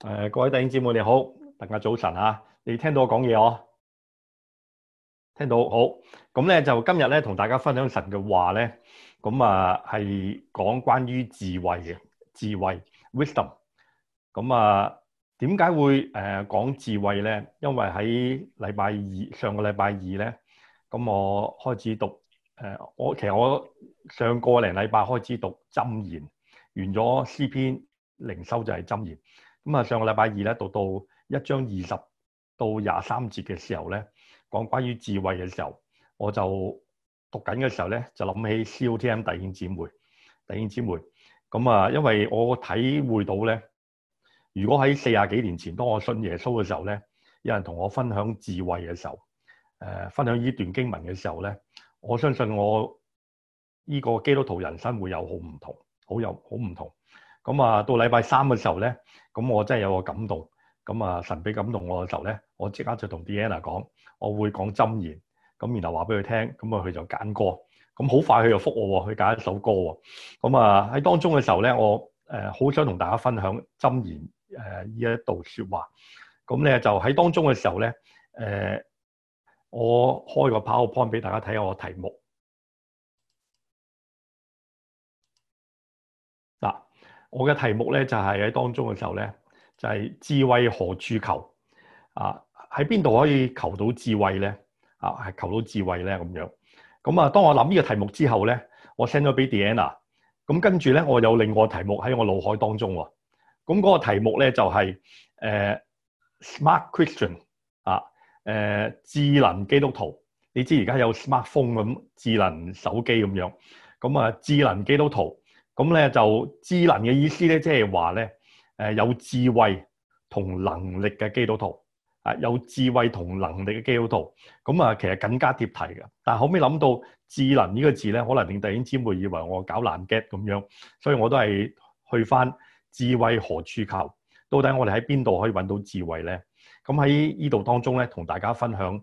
誒，各位弟兄姊妹你好，大家早晨啊！你聽到我講嘢哦，聽到好。咁咧就今日咧同大家分享神嘅話咧，咁啊係講關於智慧嘅智慧 wisdom。咁啊，點解會誒講智慧咧？因為喺禮拜二上個禮拜二咧，咁我開始讀誒，我其實我上個零禮拜開始讀箴言，完咗詩篇，靈修就係箴言。咁啊，上個禮拜二咧讀到一章二十到廿三節嘅時候咧，講關於智慧嘅時候，我就讀緊嘅時候咧就諗起 COTM 弟兄姊妹、弟兄姊妹。咁啊，因為我體會到咧，如果喺四十幾年前當我信耶穌嘅時候咧，有人同我分享智慧嘅時候，誒、呃、分享呢段經文嘅時候咧，我相信我呢個基督徒人生會有好唔同，好有好唔同。咁啊，到禮拜三嘅時候咧，咁我真係有個感動。咁啊，神俾感動我嘅時候咧，我即刻就同 Diana 講，我會講箴言。咁然後話俾佢聽，咁啊，佢就揀歌。咁好快佢就覆我喎，佢揀一首歌喎。咁啊，喺當中嘅時候咧，我誒好想同大家分享箴言誒呢一度説話。咁咧就喺當中嘅時候咧，誒我開個 PowerPoint 俾大家睇下我嘅題目。我嘅題目咧就係喺當中嘅時候咧，就係、是、智慧何處求啊？喺邊度可以求到智慧咧？啊，係求到智慧咧咁樣。咁啊，當我諗呢個題目之後咧，我 send 咗俾 Diana。咁跟住咧，我有另外一個題目喺我腦海當中喎。咁、那、嗰個題目咧就係、是、誒、呃、Smart Christian 啊、呃，誒智能基督徒。你知而家有 smartphone 咁智能手機咁樣，咁啊智能基督徒。咁咧就智能嘅意思咧，即係話咧，誒有智慧同能力嘅基督徒，啊有智慧同能力嘅基督徒，咁啊其實更加貼題嘅。但係後尾諗到智能呢個字咧，可能令弟兄姊妹以為我搞爛 get 咁樣，所以我都係去翻智慧何處求？到底我哋喺邊度可以搵到智慧咧？咁喺呢度當中咧，同大家分享誒箴、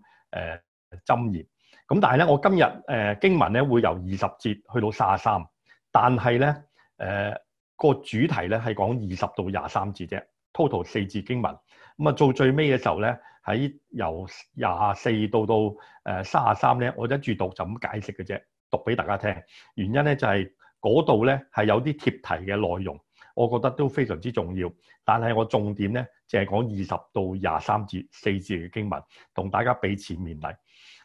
呃、言。咁但係咧，我今日誒、呃、經文咧會由二十節去到卅三。但係咧，誒、呃、個主題咧係講二十到廿三節啫，total 四節經文。咁、嗯、啊，做最尾嘅時候咧，喺由廿四到到三十三咧，我一住讀，讀就咁解釋嘅啫，讀俾大家聽。原因咧就係嗰度咧係有啲貼題嘅內容，我覺得都非常之重要。但係我重點咧淨係講二十到廿三節四節嘅經文，同大家俾錢面嚟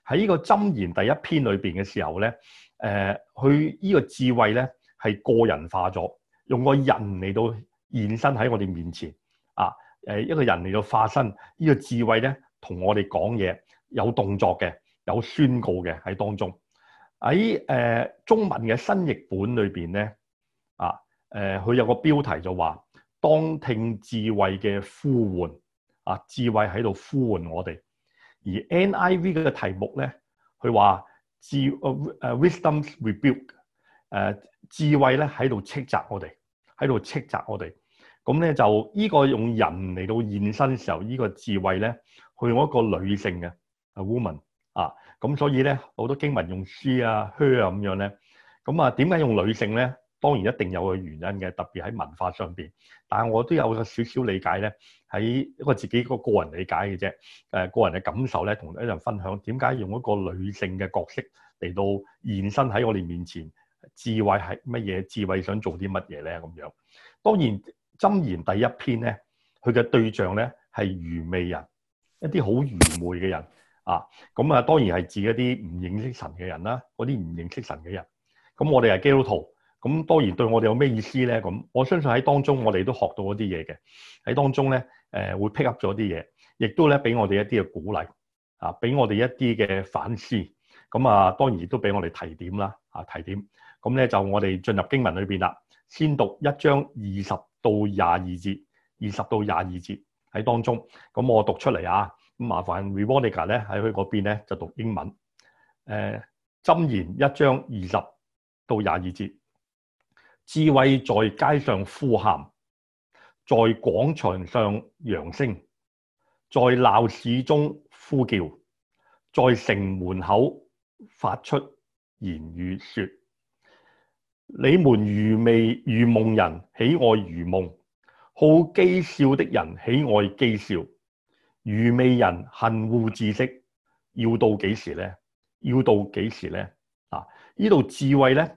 喺呢個箴言第一篇裏面嘅時候咧，佢、呃、呢、這個智慧咧。係個人化咗，用個人嚟到現身喺我哋面前啊！誒一個人嚟到化身呢、呢個智慧咧，同我哋講嘢，有動作嘅，有宣告嘅喺當中。喺誒、呃、中文嘅新譯本裏邊咧，啊誒，佢、呃、有個標題就話：當聽智慧嘅呼喚，啊智慧喺度呼喚我哋。而 NIV 嗰個題目咧，佢話智誒誒 Wisdom's Rebuke。Uh, wisdom's rebuke, 誒智慧咧喺度斥責我哋，喺度斥責我哋。咁咧就呢個用人嚟到現身時候，呢個智慧咧，去用一個女性嘅啊 woman 啊。咁所以咧好多經文用 she 啊、her 啊咁樣咧。咁啊，點解用女性咧？當然一定有一個原因嘅，特別喺文化上面。但係我都有個少少理解咧，喺一個自己個個人理解嘅啫。誒個人嘅感受咧，同一人分享。點解用一個女性嘅角色嚟到現身喺我哋面前？智慧係乜嘢？智慧想做啲乜嘢咧？咁樣，當然《箴言》第一篇咧，佢嘅對象咧係愚昧人，一啲好愚昧嘅人啊。咁啊，當然係指一啲唔認識神嘅人啦，嗰啲唔認識神嘅人。咁我哋係基督徒，咁當然對我哋有咩意思咧？咁我相信喺當中我哋都學到一啲嘢嘅。喺當中咧，誒會 pick up 咗啲嘢，亦都咧俾我哋一啲嘅鼓勵啊，俾我哋一啲嘅反思。咁啊，當然亦都俾我哋提點啦，啊提點。啊提點咁咧就我哋進入經文裏面啦。先讀一章二十到廿二節，二十到廿二節喺當中。咁我讀出嚟啊，麻煩 Rebecca 咧喺佢嗰邊咧就讀英文。誒、呃，箴言一章二十到廿二節，智慧在街上呼喊，在廣場上揚聲，在鬧市中呼叫，在城門口發出言語説。你們愚昧愚夢人喜愛愚夢，好譏笑的人喜愛譏笑，愚昧人恨惡知識，要到幾時咧？要到幾時咧？啊！呢度智慧咧，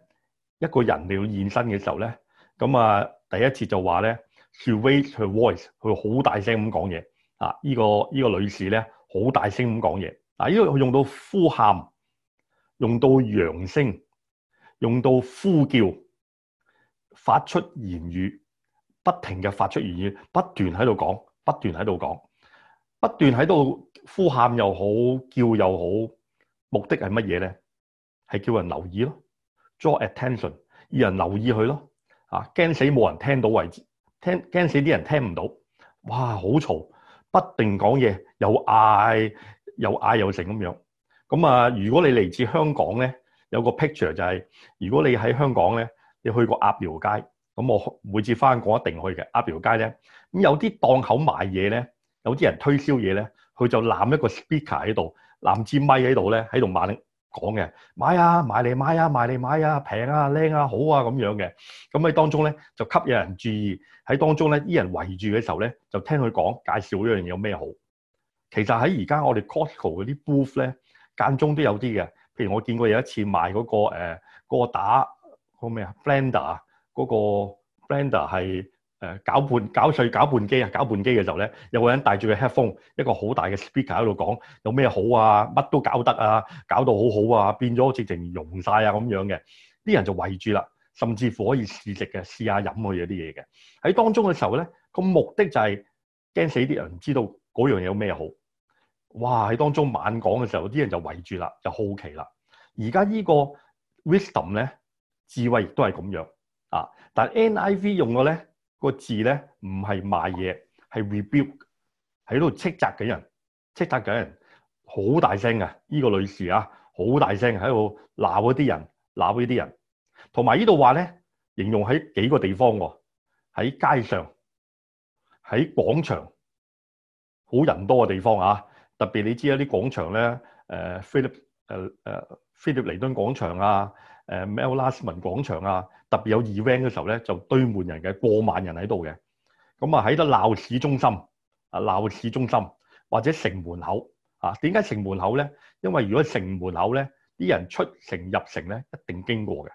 一個人你要現身嘅時候咧，咁啊，第一次就話咧 raise her voice，佢好大聲咁講嘢。啊，呢、這個呢、這個女士咧，好大聲咁講嘢。啊，呢度佢用到呼喊，用到揚聲。用到呼叫，發出言語，不停嘅發出言語，不斷喺度講，不斷喺度講，不斷喺度呼喊又好，叫又好，目的係乜嘢呢？係叫人留意咯，draw attention，要人留意佢咯。啊，驚死冇人聽到為止，聽驚死啲人聽唔到，哇，好嘈，不停講嘢，又嗌，又嗌又成咁樣。咁啊，如果你嚟自香港呢？有個 picture 就係、是、如果你喺香港咧，你去過鴨寮街，咁我每次翻港一定去嘅鴨寮街咧，咁有啲檔口賣嘢咧，有啲人推銷嘢咧，佢就攬一個 speaker 喺度，攬支咪喺度咧，喺度講嘅買啊買嚟買啊買嚟買啊平啊靚啊，啊好啊咁樣嘅，咁喺當中咧就吸引人注意，喺當中咧啲人圍住嘅時候咧，就聽佢講介紹嗰樣嘢有咩好。其實喺而家我哋 Costco 嗰啲 booth 咧間中都有啲嘅。如我見過有一次賣嗰、那個誒、呃那個、打嗰、那個咩啊 blender 嗰個 blender 係誒攪拌攪碎攪拌機啊攪拌機嘅時候咧，有個人戴住個 headphone，一個好大嘅 speaker 喺度講有咩好啊，乜都搞得啊，搞到好好啊，變咗直情溶晒啊咁樣嘅，啲人就圍住啦，甚至乎可以試食嘅，試下飲佢嗰啲嘢嘅。喺當中嘅時候咧，個目的就係驚死啲人，唔知道嗰樣嘢有咩好。哇！喺當中晚講嘅時候，啲人就圍住啦，就好奇啦。而家、這個、呢個 Wisdom 咧，智慧亦都係咁樣啊。但 NIV 用嘅咧、那個字咧，唔係賣嘢，係 rebuke，喺度斥責緊人，斥責緊人，好大聲嘅呢、這個女士啊，好大聲喺度鬧依啲人，鬧依啲人。同埋呢度話咧，形容喺幾個地方喎、啊，喺街上，喺廣場，好人多嘅地方啊。特別你知有啲廣場咧，誒、呃、菲利普誒誒菲利普尼敦廣場啊，誒、呃、Melasman 廣場啊，特別有 event 嘅時候咧，就堆滿人嘅，過萬人喺度嘅。咁啊喺度鬧市中心啊，鬧市中心或者城門口啊，點解城門口咧？因為如果城門口咧，啲人出城入城咧，一定經過嘅，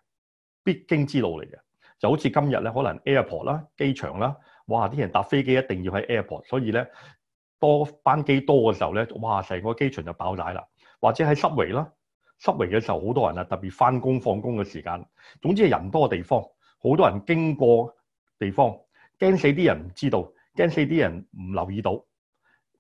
必經之路嚟嘅。就好似今日咧，可能 airport 啦、機場啦，哇！啲人搭飛機一定要喺 airport，所以咧。多班機多嘅時候咧，哇！成個機場就爆曬啦，或者喺塞圍啦，塞圍嘅時候好多人啊，特別翻工放工嘅時間，總之係人多嘅地方，好多人經過地方，驚死啲人唔知道，驚死啲人唔留意到，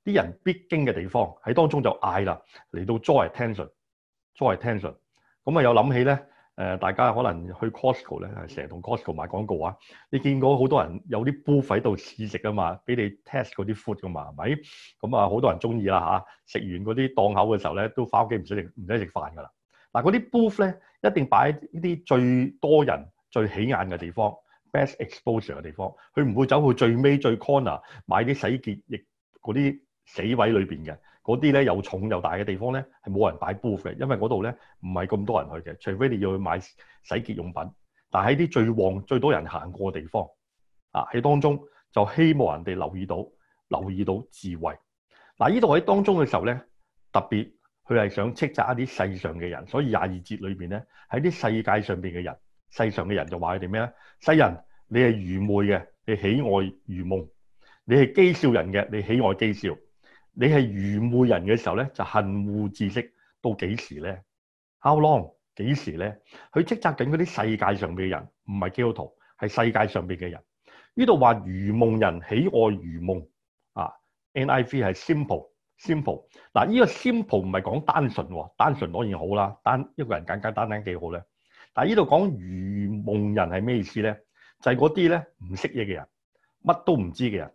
啲人必經嘅地方喺當中就嗌啦，嚟到 draw attention，draw attention，咁啊又諗起咧。呃、大家可能去 Costco 咧，係成日同 Costco 買廣告啊！你見過好多人有啲 booth 喺度試食啊嘛，俾你 test 嗰啲 food 噶嘛，係咪？咁啊，好多人中意啦吓，食完嗰啲檔口嘅時候咧，都翻屋企唔使食，唔使食飯噶啦。嗱，嗰啲 booth 咧一定擺喺呢啲最多人、最起眼嘅地方，best exposure 嘅地方。佢唔會走去最尾最 corner 買啲洗潔液嗰啲死位裏面嘅。嗰啲咧又重又大嘅地方咧，係冇人擺 booth 嘅，因為嗰度咧唔係咁多人去嘅，除非你要去買洗潔用品。但喺啲最旺、最多人行過嘅地方，啊喺當中就希望人哋留意到、留意到智慧。嗱、啊，呢度喺當中嘅時候咧，特別佢係想斥責一啲世上嘅人，所以廿二節裏邊咧，喺啲世界上邊嘅人、世上嘅人就話佢哋咩咧？世人你係愚昧嘅，你喜愛愚蒙，你係譏笑人嘅，你喜愛譏笑。你係愚昧人嘅時候咧，就恨惡知識。到幾時咧？How long？幾時咧？佢叱責緊嗰啲世界上邊嘅人，唔係基督徒，係世界上邊嘅人。呢度話愚夢人喜愛愚夢啊，NIV 係 simple，simple。嗱，呢個 simple 唔係講單純喎，單純當然好啦，一個人簡簡單單幾好咧。但呢度講愚夢人係咩意思咧？就係嗰啲咧唔識嘢嘅人，乜都唔知嘅人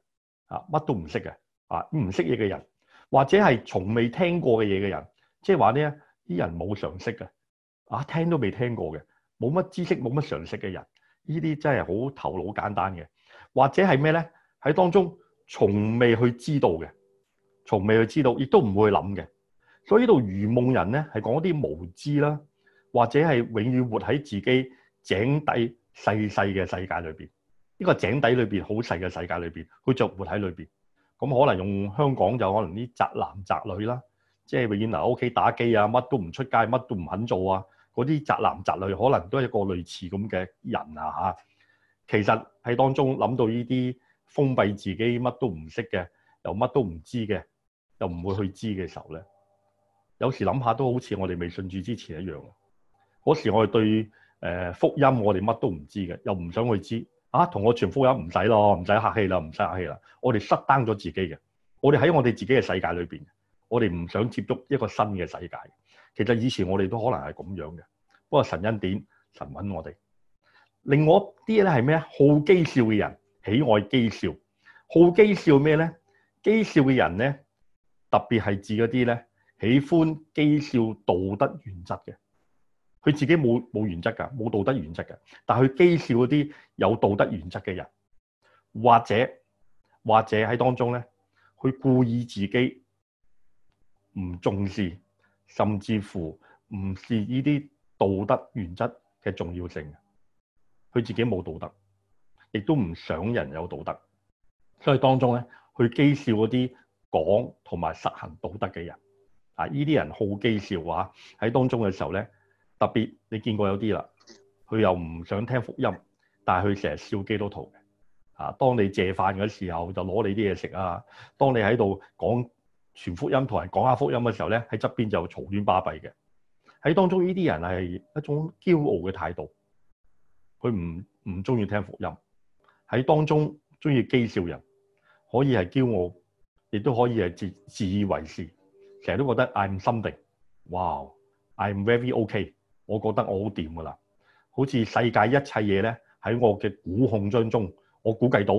的，啊，乜都唔識嘅，啊，唔識嘢嘅人。或者係從未聽過嘅嘢嘅人，即係話呢啲人冇常識嘅，啊，聽都未聽過嘅，冇乜知識冇乜常識嘅人，呢啲真係好頭腦簡單嘅。或者係咩呢？喺當中從未去知道嘅，從未去知道，亦都唔會去諗嘅。所以呢度愚夢人呢係講啲無知啦，或者係永遠活喺自己井底細細嘅世界裏邊，呢個井底裏邊好細嘅世界裏邊，佢就活喺裏邊。咁、嗯、可能用香港就可能啲宅男宅女啦，即係永遠留喺屋企打機啊，乜都唔出街，乜都唔肯做啊。嗰啲宅男宅女可能都係一個類似咁嘅人啊嚇。其實喺當中諗到呢啲封閉自己，乜都唔識嘅，又乜都唔知嘅，又唔會去知嘅時候咧，有時諗下都好似我哋未信主之前一樣。嗰時我哋對誒福音，我哋乜都唔知嘅，又唔想去知。啊，同我全副人唔使咯，唔使客氣啦，唔使客氣啦。我哋失登咗自己嘅，我哋喺我哋自己嘅世界裏邊，我哋唔想接觸一個新嘅世界。其實以前我哋都可能係咁樣嘅，不過神恩典，神揾我哋。另外啲咧係咩？好譏笑嘅人喜愛譏笑，好譏笑咩咧？譏笑嘅人咧，特別係指嗰啲咧喜歡譏笑道德原則嘅。佢自己冇冇原則㗎，冇道德原則㗎。但係佢譏笑嗰啲有道德原則嘅人，或者或者喺當中咧，佢故意自己唔重視，甚至乎唔視呢啲道德原則嘅重要性。佢自己冇道德，亦都唔想人有道德。所以當中咧，佢譏笑嗰啲講同埋實行道德嘅人，啊，呢啲人好譏笑啊！喺當中嘅時候咧。特別你見過有啲啦，佢又唔想聽福音，但係佢成日笑基督徒嘅啊。當你借飯嘅時候就攞你啲嘢食啊。當你喺度講全福音同人講下福音嘅時候咧，喺側邊就嘈冤巴閉嘅喺當中。呢啲人係一種驕傲嘅態度，佢唔唔中意聽福音喺當中中意譏笑人，可以係驕傲，亦都可以係自自以為是，成日都覺得 I'm something，哇，wow！I'm very okay。我覺得我好掂噶啦，好似世界一切嘢咧喺我嘅估控當中，我估計到，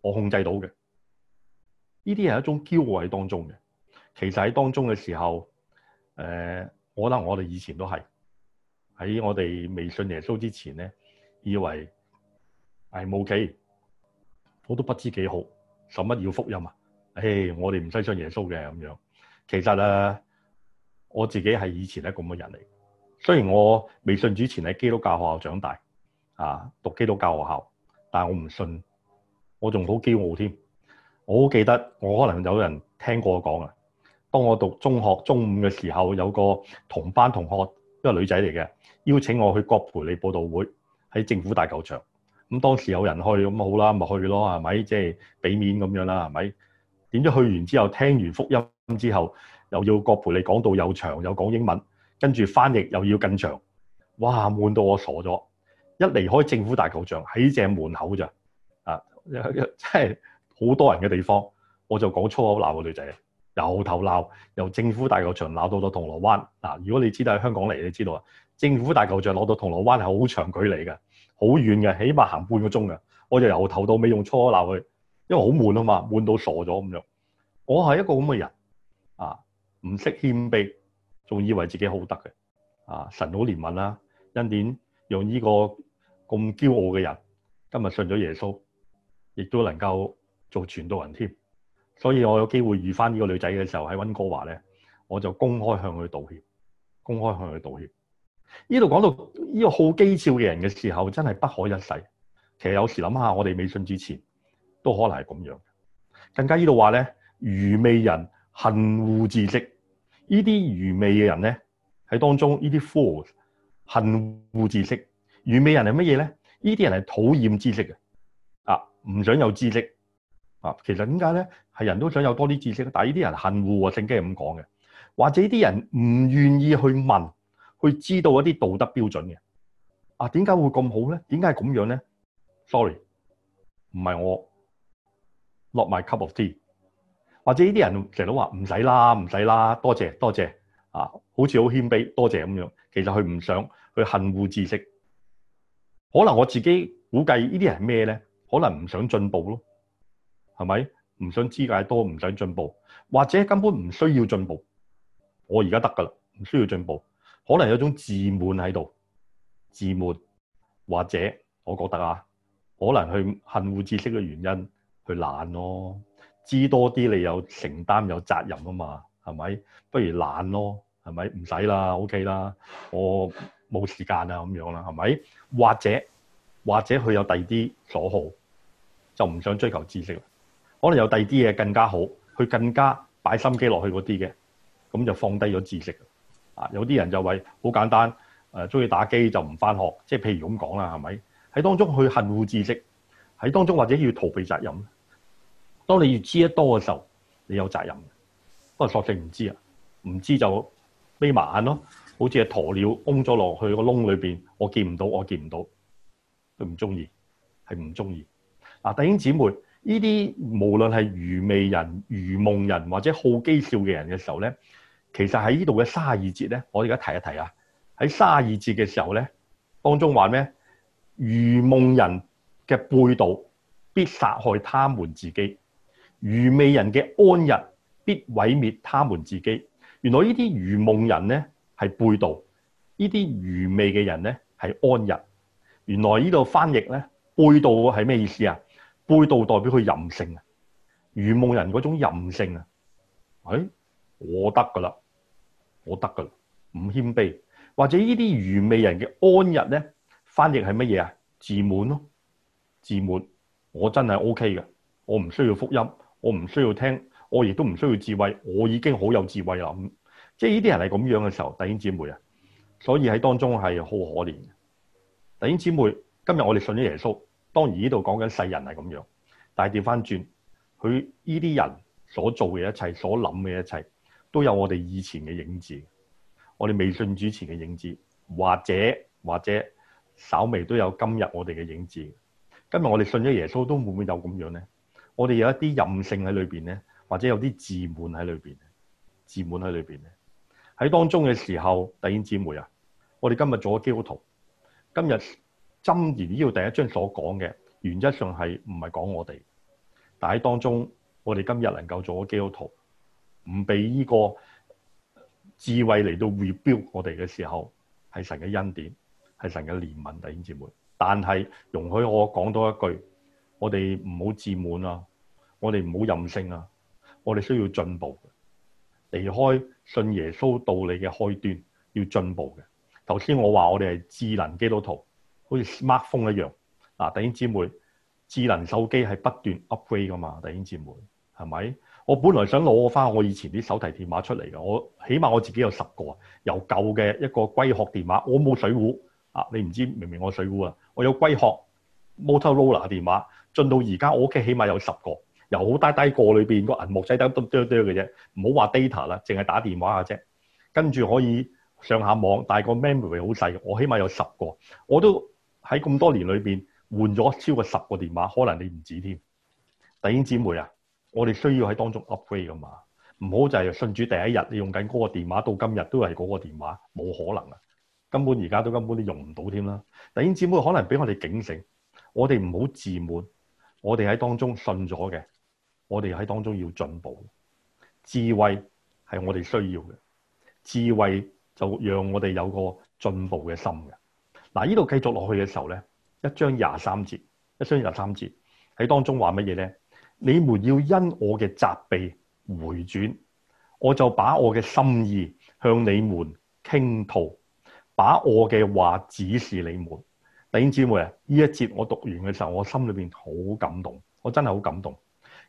我控制到嘅。呢啲係一種驕傲喺當中嘅。其實喺當中嘅時候，誒、呃，可能我哋以前都係喺我哋未信耶穌之前咧，以為係冇計，我都不知幾好，使乜要福音啊？誒，我哋唔使信耶穌嘅咁樣。其實啊，我自己係以前係咁嘅人嚟。雖然我未信之前喺基督教學校長大，啊，讀基督教學校，但我唔信，我仲好驕傲添。我好記得，我可能有人聽過我講啊。當我讀中學中五嘅時候，有個同班同學，一個女仔嚟嘅，邀請我去郭培利佈道會喺政府大球場。當時有人去，咁好啦，咪去咯，係咪？即係俾面咁樣啦，係咪？點知去完之後，聽完福音之後，又要郭培利講道又長，又講英文。跟住翻譯又要更長哇，悶到我傻咗！一離開政府大球場，喺正門口咋啊？真係好多人嘅地方，我就講粗口鬧個女仔，由頭鬧，由政府大球場鬧到到銅鑼灣嗱、啊。如果你知道喺香港嚟，你知道啊，政府大球場攞到銅鑼灣係好長距離嘅，好遠嘅，起碼行半個鐘嘅。我就由頭到尾用粗口鬧佢，因為好悶啊嘛，悶到傻咗咁樣。我係一個咁嘅人啊，唔識謙卑。仲以為自己好得嘅，啊！神好憐憫啦、啊，恩典讓呢個咁驕傲嘅人今日信咗耶穌，亦都能夠做傳道人添。所以我有機會遇翻呢個女仔嘅時候喺溫哥華咧，我就公開向佢道歉，公開向佢道歉。呢度講到呢個好譏誚嘅人嘅時候，真係不可一世。其實有時諗下，我哋未信之前都可能係咁樣。更加呢度話咧，愚昧人恨惡知識。依啲愚昧嘅人呢，喺當中依啲 fools 恨惡知識。愚昧人係乜嘢呢？依啲人係討厭知識嘅，啊，唔想有知識，啊，其實點解呢？係人都想有多啲知識，但係依啲人恨惡啊，聖經咁講嘅，或者依啲人唔願意去問，去知道一啲道德標準嘅。啊，點解會咁好咧？點解係咁樣呢？Sorry，唔係我落 o my cup of tea。或者呢啲人成日都話唔使啦，唔使啦，多謝多謝啊，好似好謙卑，多謝咁樣。其實佢唔想去恨護知識，可能我自己估計是什麼呢啲人係咩咧？可能唔想進步咯，係咪？唔想知解多，唔想進步，或者根本唔需要進步。我而家得㗎喇，唔需要進步。可能有一種自滿喺度，自滿或者我覺得啊，可能佢恨護知識嘅原因，佢懶咯。知多啲，你有承擔有責任啊嘛，係咪？不如懶咯，係咪？唔使啦，OK 啦，我冇時間啊，咁樣啦，係咪？或者或者佢有第二啲所好，就唔想追求知識啦，可能有第二啲嘢更加好，佢更加擺心機落去嗰啲嘅，咁就放低咗知識啊。有啲人就話好簡單，誒中意打機就唔翻學，即係譬如咁講啦，係咪？喺當中去恨護知識，喺當中或者要逃避責任。當你越知得多嘅時候，你有責任。不過索性唔知啊，唔知就眯埋眼咯，好似係鴕鳥嗡咗落去個窿裏邊，我見唔到，我見唔到佢唔中意，係唔中意嗱。弟兄姊妹，呢啲無論係愚昧人、愚蒙人或者好譏笑嘅人嘅時候咧，其實喺呢度嘅三十二節咧，我而家提一提啊。喺三十二節嘅時候咧，當中話咩？愚蒙人嘅背道必殺害他們自己。愚昧人嘅安逸必毀滅他們自己。原來呢啲愚昧人咧係背道，這些呢啲愚昧嘅人咧係安逸。原來呢度翻譯咧背道係咩意思啊？背道代表佢任性啊，愚昧人嗰種任性啊。哎，我得噶啦，我得噶啦，唔謙卑。或者呢啲愚昧人嘅安逸咧，翻譯係乜嘢啊？自滿咯，自滿。我真係 O K 嘅，我唔需要福音。我唔需要聽，我亦都唔需要智慧，我已經好有智慧啦。即係呢啲人係咁樣嘅時候，弟兄姊妹啊，所以喺當中係好可憐嘅。弟兄姊妹，今日我哋信咗耶穌，當然呢度講緊世人係咁樣，但係調翻轉，佢呢啲人所做嘅一切，所諗嘅一切，都有我哋以前嘅影子，我哋未信主前嘅影子，或者或者稍微都有今日我哋嘅影子。今日我哋信咗耶穌，都會唔會有咁樣咧？我哋有一啲任性喺裏邊咧，或者有啲自滿喺裏邊，自滿喺裏邊咧。喺當中嘅時候，弟兄姊妹啊，我哋今日做咗基督徒，今日箴言呢個第一章所講嘅，原則上係唔係講我哋，但喺當中，我哋今日能夠做基督徒，唔俾呢個智慧嚟到 rebuild 我哋嘅時候，係神嘅恩典，係神嘅憐憫，弟兄姊妹。但係容許我講多一句，我哋唔好自滿啊！我哋唔好任性啊！我哋需要進步，離開信耶穌道理嘅開端，要進步嘅。頭先我話我哋係智能基督徒，好似 smartphone 一樣嗱、啊。弟兄姊妹，智能手機係不斷 upgrade 噶嘛？弟兄姊妹係咪？我本來想攞翻我以前啲手提電話出嚟嘅，我起碼我自己有十個，由舊嘅一個龜殼電話，我冇水壺啊。你唔知明明我水壺啊，我有龜殼 Motorola 電話進到而家，我屋企起碼有十個。由好大大個裏邊個銀幕仔得得得嘅啫，唔好話 data 啦，淨係打電話嘅啫。跟住可以上下網，但係個 memory 好細，我起碼有十個。我都喺咁多年裏邊換咗超過十個電話，可能你唔止添。弟兄姊妹啊，我哋需要喺當中 upgrade 㗎嘛，唔好就係信主第一日你用緊嗰個電話到今日都係嗰個電話，冇可能啊，根本而家都根本都用唔到添啦。弟兄姊妹可能俾我哋警醒，我哋唔好自滿，我哋喺當中信咗嘅。我哋喺當中要進步，智慧係我哋需要嘅。智慧就讓我哋有個進步嘅心嘅嗱。呢度繼續落去嘅時候咧，一章廿三節，一章廿三節喺當中話乜嘢咧？你們要因我嘅責備回轉，我就把我嘅心意向你們傾吐，把我嘅話指示你們。弟兄姊妹啊，這一節我讀完嘅時候，我心裏面好感動，我真係好感動。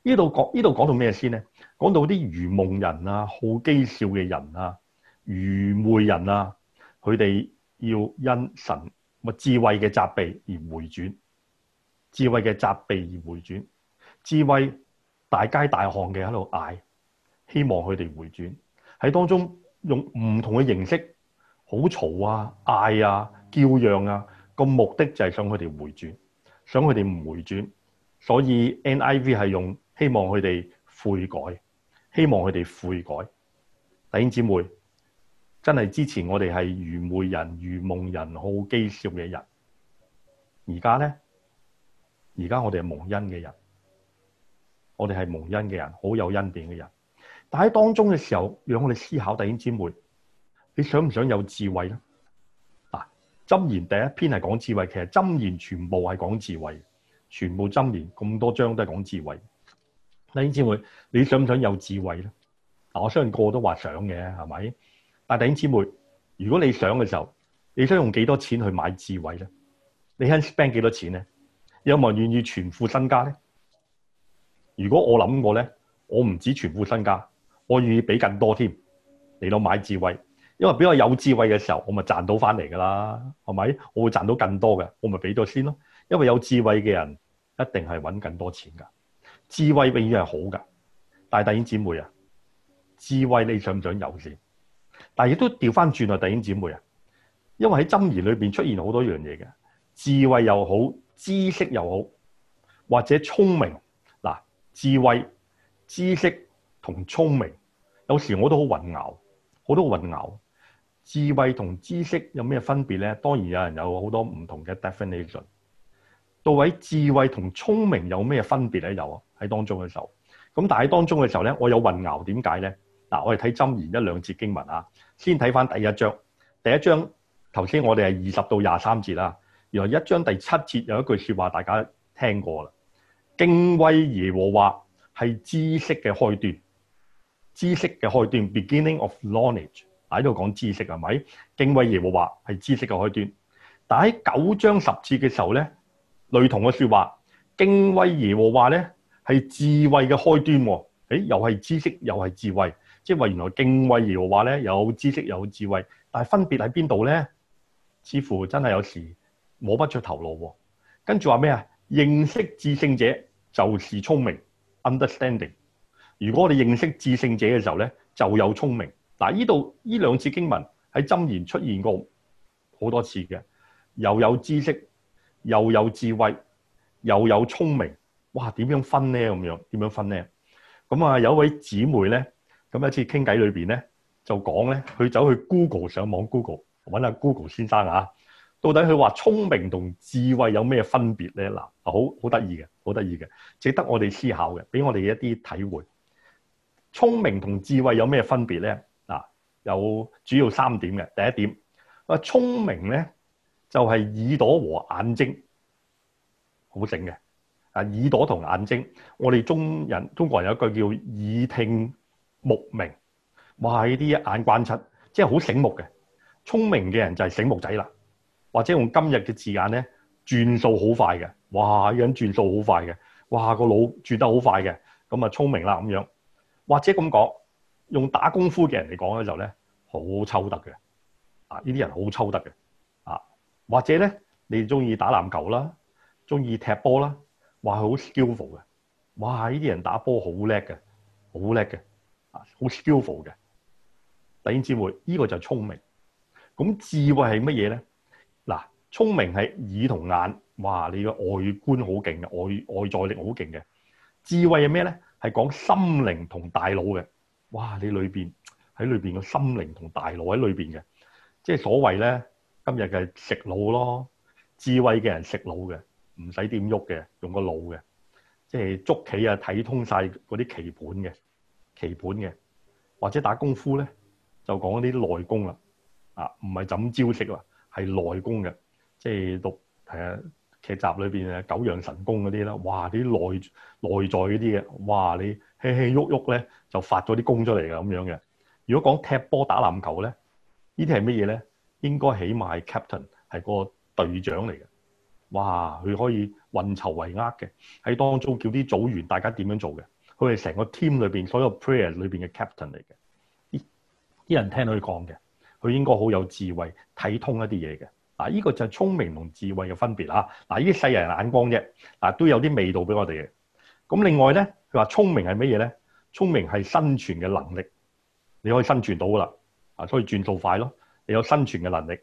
呢度講呢度講到咩先咧？講到啲愚蒙人啊、好譏笑嘅人啊、愚昧人啊，佢哋要因神咪智慧嘅責備而回轉，智慧嘅責備而回轉，智慧大街大巷嘅喺度嗌，希望佢哋回轉，喺當中用唔同嘅形式，好嘈啊、嗌啊、叫嚷啊，個目的就係想佢哋回轉，想佢哋唔回轉，所以 NIV 係用。希望佢哋悔改，希望佢哋悔改。弟兄姊妹，真係之前我哋係愚昧人、愚蒙人、好譏笑嘅人。而家咧，而家我哋係蒙恩嘅人，我哋係蒙恩嘅人，好有恩典嘅人。但喺當中嘅時候，讓我哋思考。弟兄姊妹，你想唔想有智慧咧？嗱、啊，箴言第一篇係講智慧，其實箴言全部係講智慧，全部箴言咁多章都係講智慧。弟兄姊妹，你想唔想有智慧呢？我相信個個都話想嘅，係咪？但係，弟兄姊妹，如果你想嘅時候，你想用幾多錢去買智慧呢？你肯 spend 幾多錢呢？有冇人願意全副身家呢？如果我想過呢，我唔止全副身家，我願意俾更多添嚟到買智慧，因為畀我有智慧嘅時候，我咪賺到返嚟㗎喇，係咪？我會賺到更多嘅，我咪俾咗先囉。因為有智慧嘅人一定係搵更多錢㗎。智慧永遠係好噶，但係弟兄姊妹啊，智慧你想唔想有先？但係亦都調翻轉啊，弟兄姊妹啊，因為喺箴言裏邊出現好多樣嘢嘅，智慧又好，知識又好，或者聰明。嗱，智慧、知識同聰明，有時我都好混淆，好多混淆。智慧同知識有咩分別咧？當然有人有好多唔同嘅 definition。到底智慧同聰明有咩分別咧？有喺當中嘅時候咁，但係當中嘅時候咧，我有混淆點解咧？嗱，我哋睇箴言一兩節經文啊，先睇翻第一章。第一章頭先我哋係二十到廿三節啦。原來一章第七節有一句説話，大家聽過啦。敬畏耶和華係知識嘅開端，知識嘅開端 （beginning of knowledge） 喺度講知識係咪？敬畏耶和華係知識嘅開端，但喺九章十節嘅時候咧。類同嘅説話，敬畏耶和華咧，係智慧嘅開端喎，誒又係知識又係智慧，即係話原來敬畏耶和華咧，有知識有智慧，但係分別喺邊度咧？似乎真係有時摸不出頭腦喎。跟住話咩啊？認識至聖者就是聰明，understanding。如果我哋認識至聖者嘅時候咧，就有聰明。嗱，呢度呢兩次經文喺《箴言》出現過好多次嘅，又有知識。又有智慧，又有聰明，哇！點樣分呢？咁樣點樣分呢？咁啊，有一位姊妹咧，咁一次傾偈裏面咧，就講咧，佢走去 Google 上網，Google 搵下 Google 先生啊，到底佢話聰明同智慧有咩分別咧？嗱，好好得意嘅，好得意嘅，值得我哋思考嘅，俾我哋一啲體會。聰明同智慧有咩分別咧？嗱，有主要三點嘅。第一點，啊聰明咧。就係、是、耳朵和眼睛好醒嘅啊！耳朵同眼睛，我哋中人、中國人有一句叫耳聽目明，哇！呢啲一眼關七，即係好醒目嘅。聰明嘅人就係醒目仔啦，或者用今日嘅字眼咧，轉數好快嘅，哇！依個人轉數好快嘅，哇！那個腦轉得好快嘅，咁啊聰明啦咁樣，或者咁講，用打功夫嘅人嚟講嘅時候咧，好抽得嘅，啊！呢啲人好抽得嘅。或者咧，你中意打籃球啦，中意踢波啦，哇，好 skillful 嘅！哇，呢啲人打波好叻嘅，好叻嘅，啊，好 skillful 嘅。弟兄姊妹，依個就係聰明。咁智慧係乜嘢咧？嗱，聰明係耳同眼，哇，你嘅外觀好勁嘅，外外在力好勁嘅。智慧係咩咧？係講心靈同大腦嘅。哇，你裏邊喺裏邊嘅心靈同大腦喺裏邊嘅，即係所謂咧。今日嘅食腦咯，智慧嘅人食腦嘅，唔使點喐嘅，用個腦嘅，即係捉棋啊，睇通晒嗰啲棋盤嘅棋盤嘅，或者打功夫咧，就講啲內功啦，啊，唔係咁招式啦，係內功嘅，即係讀誒劇集裏邊嘅九陽神功嗰啲啦，哇，啲內內在嗰啲嘅，哇，你輕輕喐喐咧就發咗啲功出嚟嘅咁樣嘅。如果講踢波打籃球咧，呢啲係乜嘢咧？應該起碼係 captain 係個隊長嚟嘅，哇！佢可以運籌帷幄嘅，喺當中叫啲組員大家點樣做嘅，佢係成個 team 裏邊所有 player 裏邊嘅 captain 嚟嘅。啲人聽到佢講嘅，佢應該好有智慧，睇通一啲嘢嘅。嗱、啊，依、呢個就係聰明同智慧嘅分別嚇。嗱、啊，依、啊、啲世人眼光啫，嗱、啊、都有啲味道俾我哋嘅。咁、啊、另外咧，佢話聰明係乜嘢咧？聰明係生存嘅能力，你可以生存到噶啦，啊，所以轉數快咯。有生存嘅能力，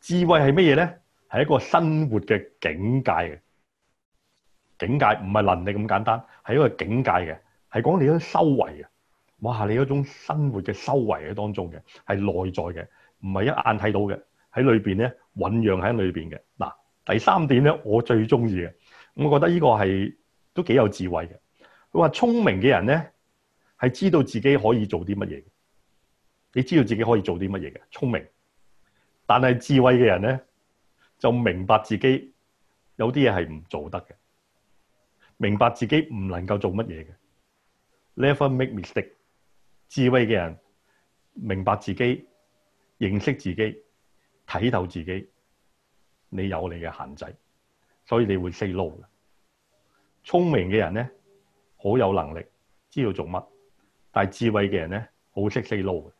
智慧係咩嘢呢？係一個生活嘅境界，嘅境界，唔係能力咁簡單，係一個境界嘅，係講你嗰種修為嘅。哇！你一種生活嘅修為當中嘅，係內在嘅，唔係一眼睇到嘅，喺裏面呢，醞釀喺裏面嘅。嗱，第三點呢，我最中意嘅，我覺得呢個係都幾有智慧嘅。佢話聰明嘅人呢，係知道自己可以做啲乜嘢，你知道自己可以做啲乜嘢嘅聰明。但係智慧嘅人呢，就明白自己有啲嘢係唔做得嘅，明白自己唔能夠做乜嘢嘅。呢份分 make mistake，智慧嘅人明白自己、認識自己、睇透自己，你有你嘅限制，所以你會 say no 嘅。聰明嘅人呢，好有能力，知道做乜，但係智慧嘅人呢，好識 say no。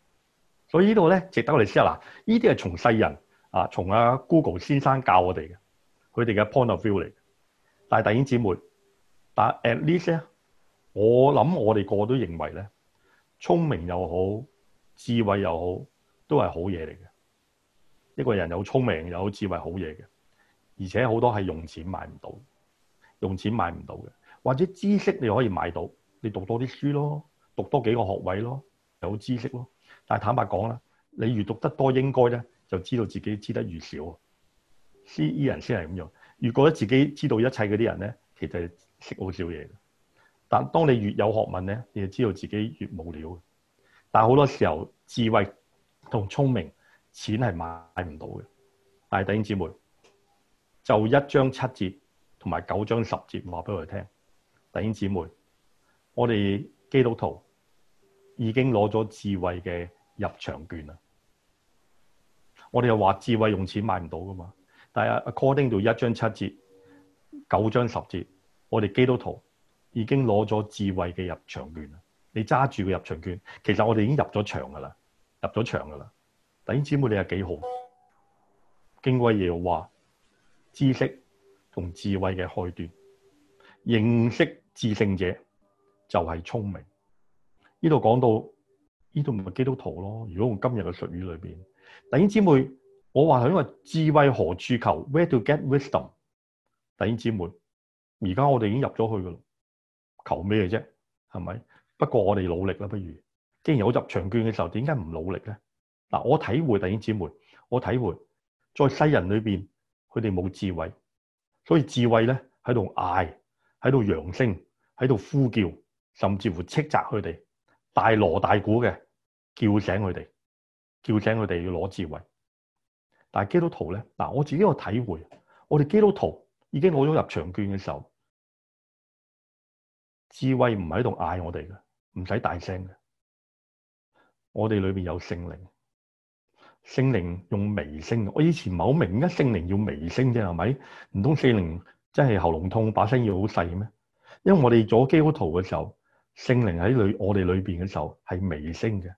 所以呢度值得我哋思考。呢啲係從世人啊，從阿、啊、Google 先生教我哋嘅佢哋嘅 point of view 嚟。但係弟兄姊妹，但 at least 呢，我諗我哋個個都認為呢：聰明又好，智慧又好，都係好嘢嚟嘅。一個人有聰明有智慧，好嘢嘅，而且好多係用錢買唔到，用錢買唔到嘅，或者知識你可以買到，你讀多啲書咯，讀多幾個學位咯，有知識咯。但坦白講啦，你越讀得多應該咧，就知道自己知得越少。C.E. 人先係咁樣。如果自己知道一切嗰啲人咧，其實係識好少嘢。但當你越有學問咧，你就知道自己越無聊。但係好多時候，智慧同聰明，錢係買唔到嘅。但係弟兄姊妹，就一章七節同埋九章十節話俾我哋聽。弟兄姊妹，我哋基督徒已經攞咗智慧嘅入場券啊！我哋又話智慧用錢買唔到噶嘛？但係啊，According to 一章七節，九章十節，我哋基督徒已經攞咗智慧嘅入場券啦！你揸住個入場券，其實我哋已經入咗場噶啦，入咗場噶啦！弟兄姊妹你係幾好？敬畏耶和華，知識同智慧嘅開端，認識至聖者就係聰明。呢度講到。呢度唔係基督徒咯。如果用今日嘅術語裏邊，弟兄姊妹，我話係因為智慧何處求？Where to get wisdom？弟兄姊妹，而家我哋已經入咗去噶啦，求咩嘅啫？係咪？不過我哋努力啦，不如。既然有入場券嘅時候點解唔努力咧？嗱，我體會弟兄姊妹，我體會，在世人裏邊佢哋冇智慧，所以智慧咧喺度嗌，喺度揚聲，喺度呼叫，甚至乎斥責佢哋，大鑼大鼓嘅。叫醒佢哋，叫醒佢哋要攞智慧。但係基督徒咧，嗱，我自己有體會，我哋基督徒已經攞咗入場券嘅時候，智慧唔喺度嗌我哋嘅，唔使大聲嘅。我哋裏邊有聖靈，聖靈用微聲。我以前唔係好明，點解聖靈要微聲啫？係咪唔通聖靈真係喉嚨痛，把聲要好細咩？因為我哋做基督徒嘅時候，聖靈喺裏我哋裏邊嘅時候係微聲嘅。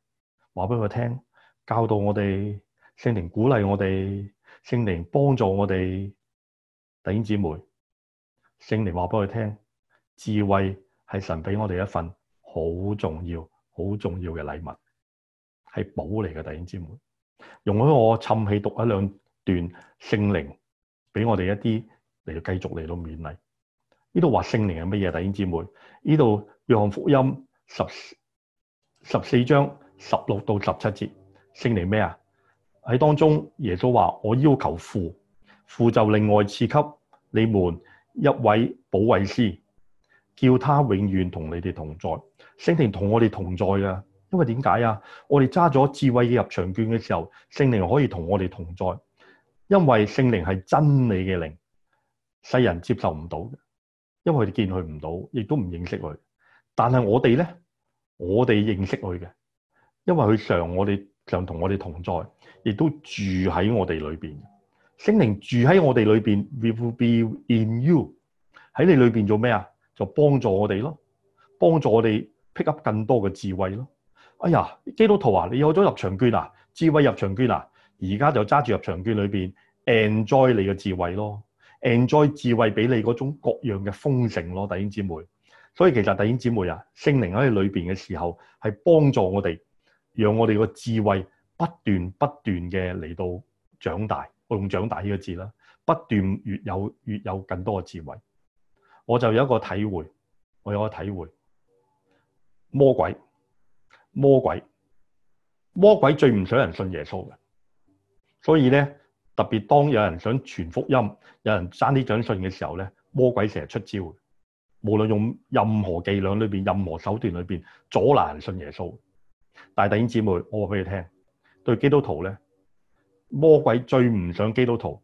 話俾佢聽，教導我哋聖靈鼓勵我哋，聖靈幫助我哋弟兄姊妹。聖靈話俾佢聽，智慧係神畀我哋一份好重要、好重要嘅禮物，係寶嚟嘅弟兄姊妹。容許我氹氣讀一兩段聖靈畀我哋一啲嚟到繼續嚟到勉勵。呢度話聖靈係乜嘢，弟兄姊妹？呢度約翰福音十十四章。十六到十七節，聖靈咩啊？喺當中耶穌話：我要求父，父就另外賜給你們一位保惠師，叫他永遠同你哋同在。聖靈同我哋同在㗎！因為點解啊？我哋揸咗智慧嘅入場券嘅時候，聖靈可以同我哋同在，因為聖靈係真理嘅靈，世人接受唔到，因為佢哋見佢唔到，亦都唔認識佢。但係我哋咧，我哋認識佢嘅。因為佢常同我哋同在，亦都住喺我哋裏面。聖靈住喺我哋裏面 will be in you 喺你裏面做咩呀？就幫助我哋囉，幫助我哋 pick up 更多嘅智慧囉。哎呀，基督徒啊，你有咗入場券啦、啊，智慧入場券啦、啊，而家就揸住入場券裏面。enjoy 你嘅智慧咯，enjoy 智慧畀你嗰種各樣嘅豐盛咯，弟兄姊妹。所以其實弟兄姊妹啊，聖靈喺你裏面嘅時候係幫助我哋。讓我哋個智慧不斷不斷嘅嚟到長大，我用“長大”呢個字啦，不斷越有越有更多嘅智慧。我就有一個體會，我有一個體會，魔鬼，魔鬼，魔鬼最唔想人信耶穌的。所以呢，特別當有人想傳福音，有人爭啲獎信嘅時候呢，魔鬼成日出招，無論用任何伎倆裏邊，任何手段裏邊，阻攔人信耶穌。但係弟兄姊妹，我話俾你聽，對基督徒咧，魔鬼最唔想基督徒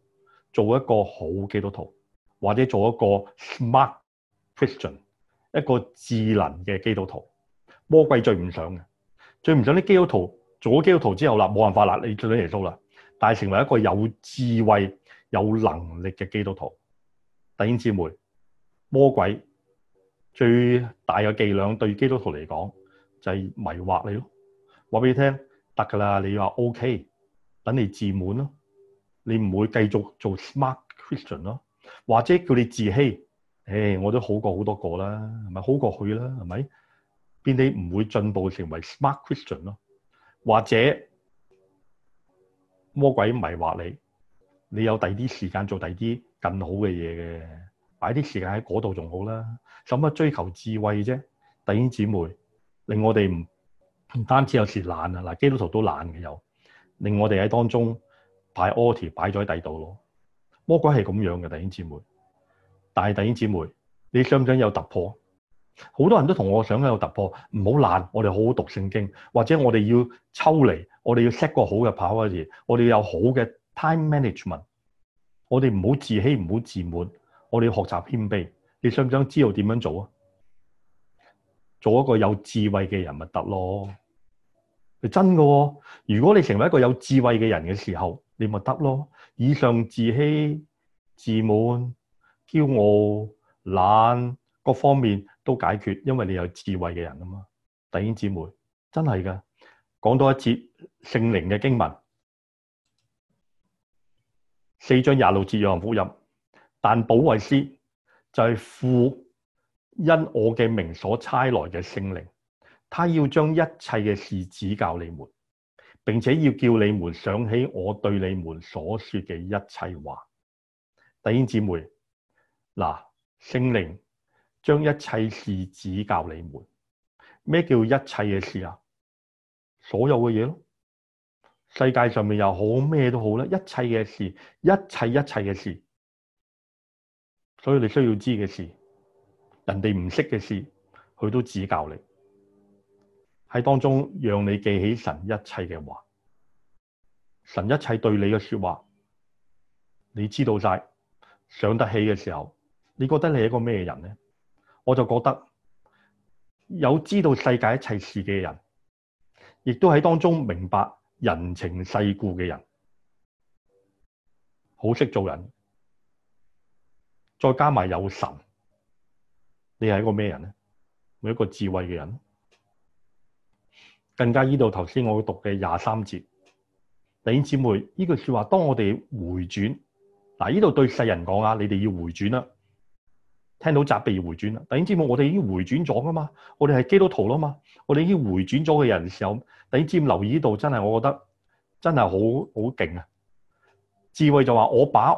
做一個好基督徒，或者做一個 smart Christian，一個智能嘅基督徒，魔鬼最唔想嘅，最唔想啲基督徒做咗基督徒之後啦，冇辦法啦，你信耶穌啦，但係成為一個有智慧、有能力嘅基督徒。弟兄姊妹，魔鬼最大嘅伎倆對基督徒嚟講，就係迷惑你咯。話俾你聽，得噶啦，你話 OK，等你自滿咯，你唔會繼續做 smart Christian 咯，或者叫你自欺，誒，我都好過好多個啦，係咪好過去啦，係咪？變咗唔會進步成為 smart Christian 咯，或者魔鬼迷惑你，你有第二啲時間做第二啲更好嘅嘢嘅，擺啲時間喺嗰度仲好啦，做乜追求智慧啫？弟兄姊妹，令我哋唔。唔單止有時懶啊！嗱，基督徒都懶嘅，有令我哋喺當中擺 a u l t 擺咗喺第度咯。魔鬼係咁樣嘅，弟兄姊妹。但係，弟兄姊妹，你想唔想有突破？好多人都同我想有突破，唔好懶。我哋好好讀聖經，或者我哋要抽離，我哋要 set 個好嘅跑開嘢，我哋要有好嘅 time management，我哋唔好自欺，唔好自滿，我哋要，要，要學習謙卑。你想唔想知道點樣做啊？做一個有智慧嘅人咪得咯～真㗎喎！如果你成為一個有智慧嘅人嘅時候，你咪得咯。以上自欺、自滿、驕傲、懶，各方面都解決，因為你有智慧嘅人啊嘛。弟兄姊妹，真係㗎！講多一節聖靈嘅經文，四章廿六節約翰福音，但保惠師就係父因我嘅名所差來嘅聖靈。他要將一切嘅事指教你們，並且要叫你們想起我對你們所說嘅一切話。弟兄姊妹，嗱，聖靈將一切事指教你們。咩叫一切嘅事啊？所有嘅嘢咯，世界上面又好咩都好啦，一切嘅事，一切一切嘅事。所以你需要知嘅事，人哋唔識嘅事，佢都指教你。喺當中，讓你記起神一切嘅話，神一切對你嘅說話，你知道晒。想得起嘅時候，你覺得你是一個咩人呢？我就覺得有知道世界一切事嘅人，亦都喺當中明白人情世故嘅人，好識做人。再加埋有神，你是一個咩人呢？每一個智慧嘅人。更加依度頭先我讀嘅廿三節，弟兄姊妹，依句説話，當我哋回轉，嗱，依度對世人講啊，你哋要回轉啦，聽到責備要回轉啦。弟兄姊妹，我哋已經回轉咗㗎嘛，我哋係基督徒啦嘛，我哋已經回轉咗嘅人時候，弟兄姊妹留意到，真係我覺得真係好好勁啊！智慧就話，我把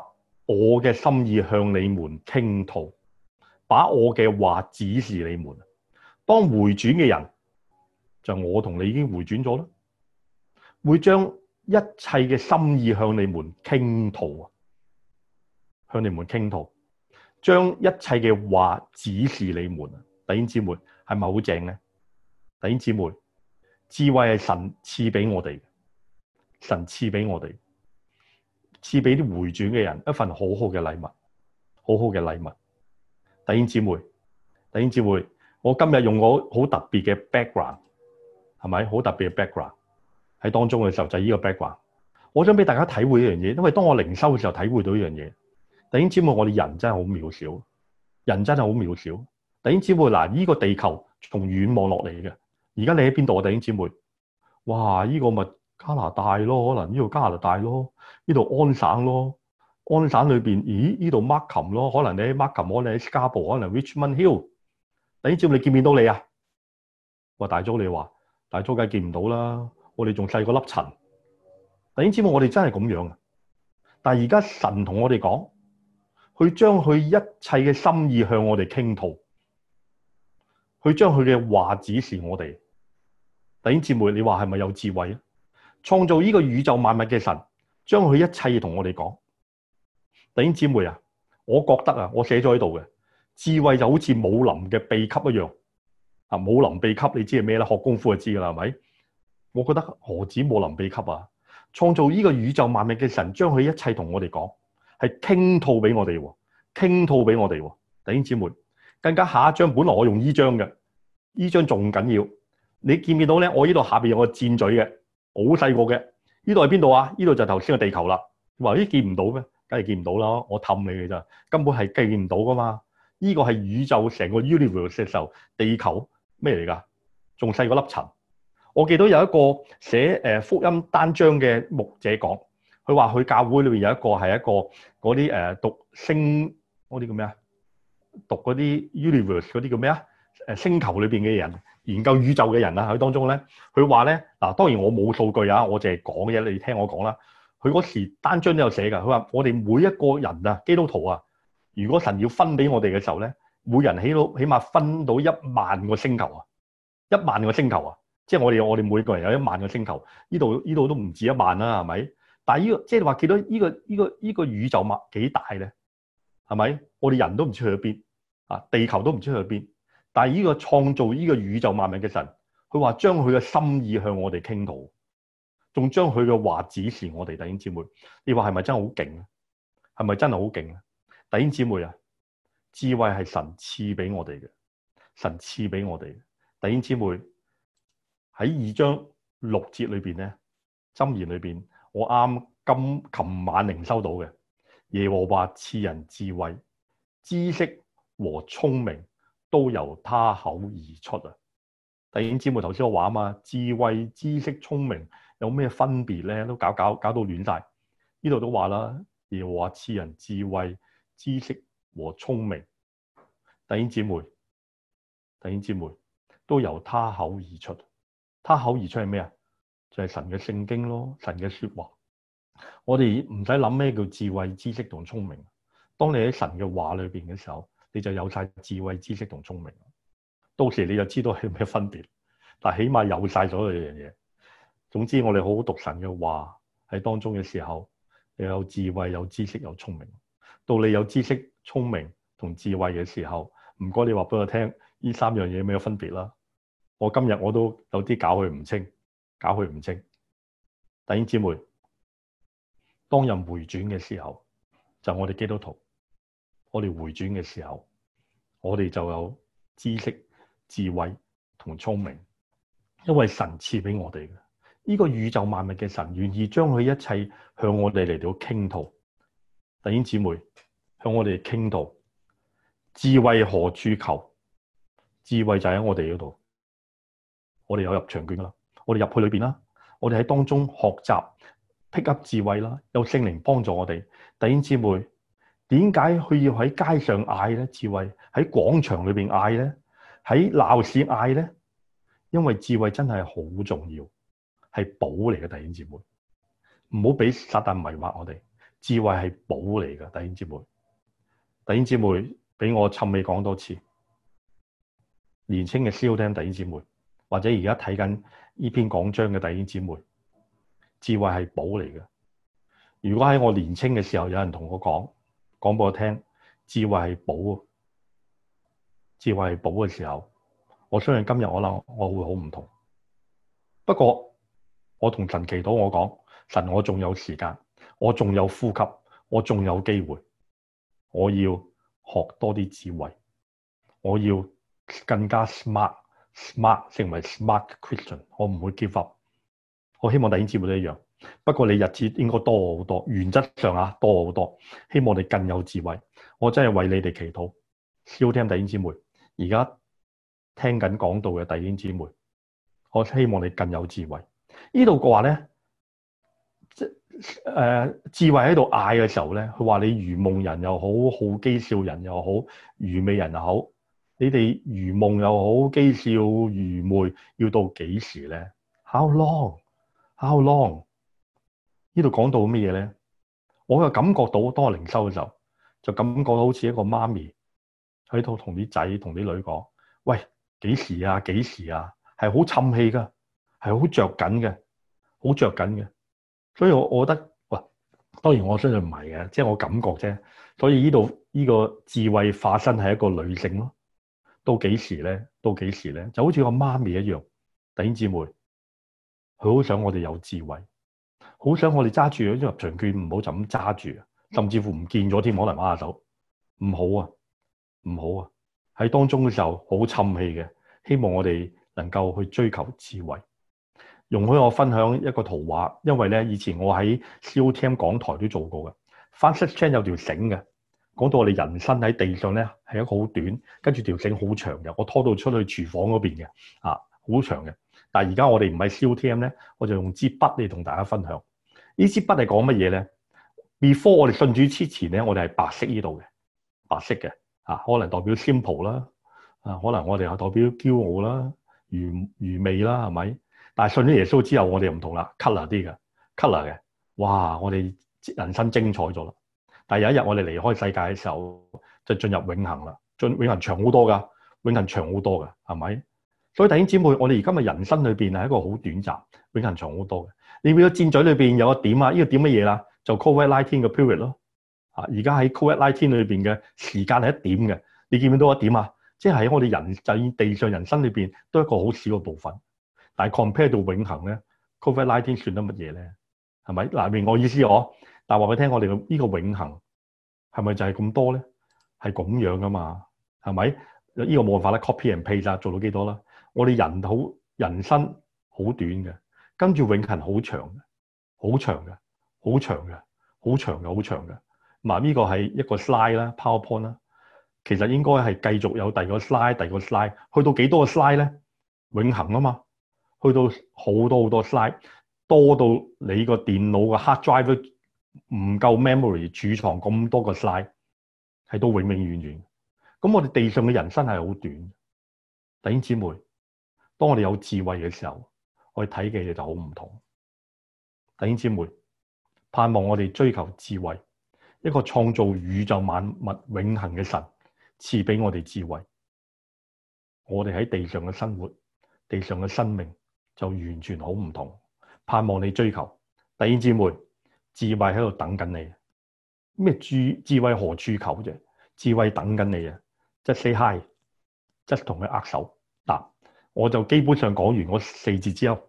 我嘅心意向你們傾吐，把我嘅話指示你們，當回轉嘅人。就我同你已經回轉咗啦，會將一切嘅心意向你們傾吐啊，向你們傾吐，將一切嘅話指示你們啊。弟兄姊妹係咪好正咧？弟兄姊妹，智慧係神賜畀我哋，神賜畀我哋，賜畀啲回轉嘅人一份好好嘅禮物，好好嘅禮物。弟兄姊妹，弟兄姊妹，我今日用我好特別嘅 background。係咪好特別嘅 background 喺當中嘅時候就係呢個 background？我想俾大家體會一樣嘢，因為當我靈修嘅時候體會到一樣嘢。弟兄姊妹，我哋人真係好渺小，人真係好渺小。弟兄姊妹，嗱，呢個地球從遠望落嚟嘅，而家你喺邊度，弟兄姊妹？哇，呢個咪加拿大咯，可能呢度加拿大咯，呢度安省咯，安省裏邊，咦，呢度 Markham 咯，可能你喺 Markham，我喺 Scarborough，可能 Richmond Hill。弟兄姊妹，你見唔見到你啊！我大組你話。但係粗界見唔到啦，我哋仲細個粒塵。弟兄姊妹，我哋真係咁樣，但而家神同我哋講，佢將佢一切嘅心意向我哋傾吐，佢將佢嘅話指示我哋。弟兄姊妹，你話係咪有智慧？創造呢個宇宙萬物嘅神，將佢一切同我哋講。弟兄姊妹啊，我覺得啊，我寫咗喺度嘅智慧就好似武林嘅秘笈一樣。啊！武林秘笈你知係咩啦？學功夫就知噶啦，係咪？我覺得何止武林秘笈啊！創造呢個宇宙萬物嘅神，將佢一切同我哋講，係傾吐俾我哋，傾吐俾我哋。弟兄姊妹，更加下一張本來我用呢張嘅，呢張仲緊要。你見唔見到咧？我呢度下邊有個箭嘴嘅，好細個嘅。呢度係邊度啊？呢度就係頭先嘅地球啦。話、哎、咦見唔到咩？梗係見唔到啦，我氹你嘅咋？根本係計唔到噶嘛？呢個係宇宙成個 universe 嘅時候，地球。咩嚟噶？仲細過粒塵。我記得有一個寫誒福音單張嘅牧者講，佢話佢教會裏邊有一個係一個嗰啲誒讀星嗰啲叫咩啊？讀嗰啲 universe 嗰啲叫咩啊？誒，星球裏邊嘅人，研究宇宙嘅人啦。佢當中咧，佢話咧嗱，當然我冇數據啊，我淨係講嘅啫，你聽我講啦。佢嗰時單張都有寫噶，佢話我哋每一個人啊，基督徒啊，如果神要分俾我哋嘅時候咧。每人起到起碼分到一萬個星球啊！一萬個星球啊！即係我哋我哋每個人有一萬個星球，呢度呢度都唔止一萬啦，係咪？但係、呢個、呢個即係話見到呢個呢個呢個宇宙萬幾大咧？係咪？我哋人都唔知去邊啊！地球都唔知去邊。但係呢個創造呢個宇宙萬物嘅神，佢話將佢嘅心意向我哋傾吐，仲將佢嘅話指示我哋弟兄姊妹。你話係咪真係好勁咧？係咪真係好勁咧？弟兄姊妹啊！智慧係神賜俾我哋嘅，神賜俾我哋嘅。弟兄姊妹喺二章六節裏邊咧，箴言裏邊，我啱今琴晚靈收到嘅，耶和華賜人智慧、知識和聰明，都由他口而出啊！弟兄姊妹，頭先我話吖嘛，智慧、知識、聰明有咩分別咧？都搞搞搞到亂晒。呢度都話啦，耶和華賜人智慧、知識。和聰明，弟兄姊妹，弟兄姊妹都由他口而出。他口而出係咩啊？就係神嘅聖經咯，神嘅說話。我哋唔使諗咩叫智慧、知識同聰明。當你喺神嘅話裏邊嘅時候，你就有晒智慧、知識同聰明。到時你就知道係咩分別。但起碼有晒咗呢樣嘢。總之，我哋好好讀神嘅話喺當中嘅時候，你有智慧、有知識、有聰明。到你有知識。聰明同智慧嘅時候，唔該你話俾我聽，呢三樣嘢有咩分別啦？我今日我都有啲搞佢唔清，搞佢唔清。弟兄姊妹，當人回轉嘅時候，就是、我哋基督徒，我哋回轉嘅時候，我哋就有知識、智慧同聰明，因為神賜俾我哋嘅。呢、這個宇宙萬物嘅神願意將佢一切向我哋嚟到傾吐。弟兄姊妹。我哋傾到智慧何處求？智慧就喺我哋嗰度。我哋有入場券噶啦，我哋入去裏邊啦。我哋喺當中學習，pick up 智慧啦。有聖靈幫助我哋。弟兄姊妹，點解佢要喺街上嗌咧？智慧喺廣場裏邊嗌咧，喺鬧市嗌咧，因為智慧真係好重要，係寶嚟嘅。弟兄姊妹，唔好俾撒旦迷惑我哋。智慧係寶嚟嘅，弟兄姊妹。弟兄姐妹，俾我趁尾講多次。年青嘅燒聽弟兄姐妹，或者而家睇緊呢篇講章嘅弟兄姐妹，智慧係寶嚟嘅。如果喺我年青嘅時候有人同我講，講俾我聽，智慧係寶，智慧係寶嘅時候，我相信今日可能我會好唔同。不過我同神祈禱，我講神，我說神我還，我仲有時間，我仲有呼吸，我仲有機會。我要學多啲智慧，我要更加 smart，smart smart，成為 smart Christian，我唔會 give up。我希望弟兄姐妹都一樣，不過你日子應該多好多，原則上啊多好多，希望你更有智慧。我真係為你哋祈禱，收聽弟兄姐妹，而家聽緊講道嘅弟兄姐妹，我希望你更有智慧。呢度嘅話咧。即、呃、智慧喺度嗌嘅時候咧，佢話你愚蒙人又好，好譏笑人又好，愚昧人又好，你哋愚蒙又好，譏笑愚昧要到幾時咧？How long？How long？How long？呢度講到乜嘢咧？我又感覺到當我靈修嘅時候，就感覺到好似一個媽咪喺度同啲仔同啲女講，喂，幾時啊？幾時啊？係好沉氣㗎，係好着緊嘅，好着緊嘅。所以我覺得，喂，當然我相信唔係嘅，即係我感覺啫。所以呢度呢個智慧化身係一個女性咯。到幾時咧？到幾時咧？就好似個媽咪一樣，弟兄姊妹，佢好想我哋有智慧，好想我哋揸住嗰張入場券唔好就咁揸住，甚至乎唔見咗添，可能揾下手，唔好啊，唔好啊。喺當中嘅時候好沉氣嘅，希望我哋能夠去追求智慧。容許我分享一個圖畫，因為咧以前我喺 COTM 港台都做過嘅。翻室間有條繩嘅，講到我哋人生喺地上咧係一個好短，跟住條繩好長嘅，我拖到出去廚房嗰邊嘅，啊好長嘅。但係而家我哋唔係 COTM 咧，我就用支筆嚟同大家分享。呢支筆係講乜嘢咧？Before 我哋信主之前咧，我哋係白色呢度嘅，白色嘅、啊，可能代表 simple 啦，啊可能我哋係代表驕傲啦、愚愚昧啦，係咪？但係信咗耶穌之後，我哋又唔同啦 color 啲嘅，color 嘅，哇！我哋人生精彩咗啦。但係有一日我哋離開世界嘅時候，就進入永恒啦。進永恒長好多噶，永恒長好多噶，係咪？所以弟兄姊妹，我哋而家咪人生裏邊係一個好短暫，永恒長好多嘅。你見到戰嘴裏邊有個點啊？呢個點乜嘢啦？就 COVID-19 嘅 period 咯。啊，而家喺 COVID-19 裏邊嘅時間係一點嘅。你見唔見到一點啊？即係喺我哋人就地上人生裏邊都係一個好少嘅部分。但係 compare 到永恒呢 COVID-19 算得乜嘢呢？係咪嗱？明我意思我？但話俾你聽，我哋呢個永恒，係咪就係咁多呢？係咁樣噶嘛？係咪？呢個冇辦法啦，copy and paste 啦，做到幾多啦？我哋人好人生好短嘅，跟住永恒好長，好長嘅，好長嘅，好長嘅，好長嘅。嗱，呢個係一個 slide 啦，PowerPoint 啦，其實應該係繼續有第二個 slide，第二個 slide，去到幾多個 slide 咧？永恒啊嘛～去到好多好多 slide，多到你個電腦個 hard drive 都唔夠 memory 儲藏咁多個 slide，係都永永遠遠。咁我哋地上嘅人生係好短。弟兄姊妹，當我哋有智慧嘅時候，我哋睇嘅嘢，就好唔同。弟兄姊妹，盼望我哋追求智慧，一個創造宇宙萬物永恒嘅神賜俾我哋智慧。我哋喺地上嘅生活，地上嘅生命。就完全好唔同，盼望你追求。弟兄姊妹，智慧喺度等緊你。咩智智慧何處求啫？智慧等緊你啊！即係 say hi，即係同佢握手。嗱，我就基本上講完我四節之後，